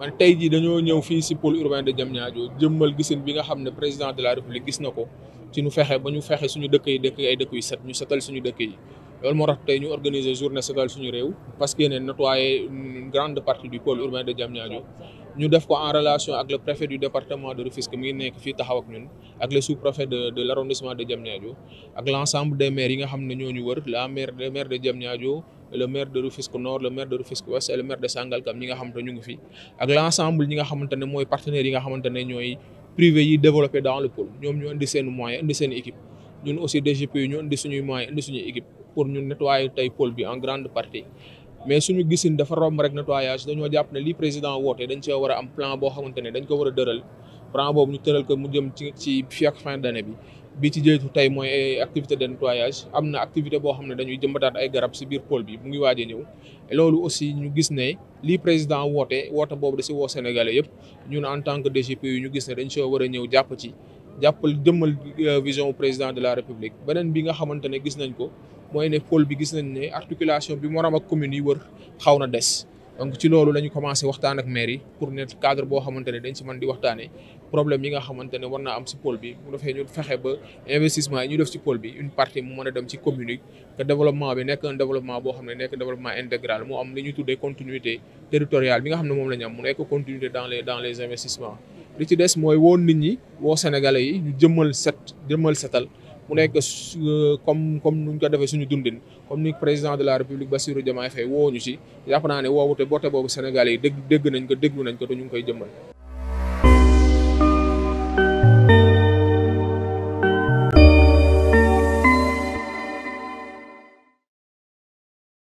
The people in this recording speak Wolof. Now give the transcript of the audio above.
man tey jii dañoo ñëw fii si pôle urbain de Diamniadio jëmmal gisin bi nga xam ne président de la république gis na ko ci ñu fexe ba ñu fexe suñu dëkk yi dëkk ay dëkk yu set ñu setal suñu dëkk yi loolu moo tax tey ñu organiser journée setal suñu réew parce que ne nettoyer une grande partie du pôle urbain de Diamniadio ñu def ko en relation ak le préfet du département de Rufisque mi nekk fii taxaw ak ñun ak le sous-préfet de de l' arrondissement ak l' ensemble ne ñoo ñu wër la maire le maire de Diamniadio le maire de Rufisque Nord le maire de Rufisque Ouest le maire de Sangalkam ñi nga xamante ne ñu ngi fi ak l' ñi nga xamante ne mooy partenaires yi nga xamante ne ñooy privé yi développé dans le pôle ñoom ñoo indi seen moyen indi seen équipe ñun aussi DGP ñu indi suñuy moyen tey pôle bi en mais suñu gisin dafa romb rek nettoyage dañoo jàpp ne lii président woote dañ cee war a am plan boo xamante ne dañ ko war a dëral plan boobu ñu tëral ko mu jëm ci ci fii ak fin d'année bi bi ci jëytu tey mooy activité de nettoyage am na activité boo xam ne dañuy jëmbataat ay garab si biir pôle bi mu ngi waaj a ñëw loolu aussi ñu gis ne lii président woote woote boobu da si woo Sénégalais yëpp ñun en tant que DGPU ñu gis ne dañ soo war a ñëw jàpp ci jàppal jëmmal euh, vision président de la République beneen bi nga xamante ne gis nañ ko mooy ne pôle bi gis nañ ne articulation bi morom ak communes yi wër xaw na des donc ci loolu la ñu commencé waxtaan ak maire yi pour ne cadre boo xamante ne dañ si mën di waxtaanee problème yi nga xamante ne war naa am si pôle bi mu defee ñu fexe ba investissement yi ñu def si pôle bi une partie mu mën a dem ci commune yi développement bi nekk un développement boo xam ne nekk développement intégral moo am li ñuy tuddee continuité territoriale bi nga xam moom la ñu am mu nekk continuité dans les dans les li ci des mooy woo nit ñi woo sénégalais yi ñu jëmmal set jëmmal setal mu nekk euh, comme comme nuñ ko defee suñu dundin comme ni président de la république Bassirou Diomaye Faye woo ñu ci jàpp naa ne woowute boote boobu Sénégal yi dégg nañ ko déglu nañ ko te ñu koy jëmmal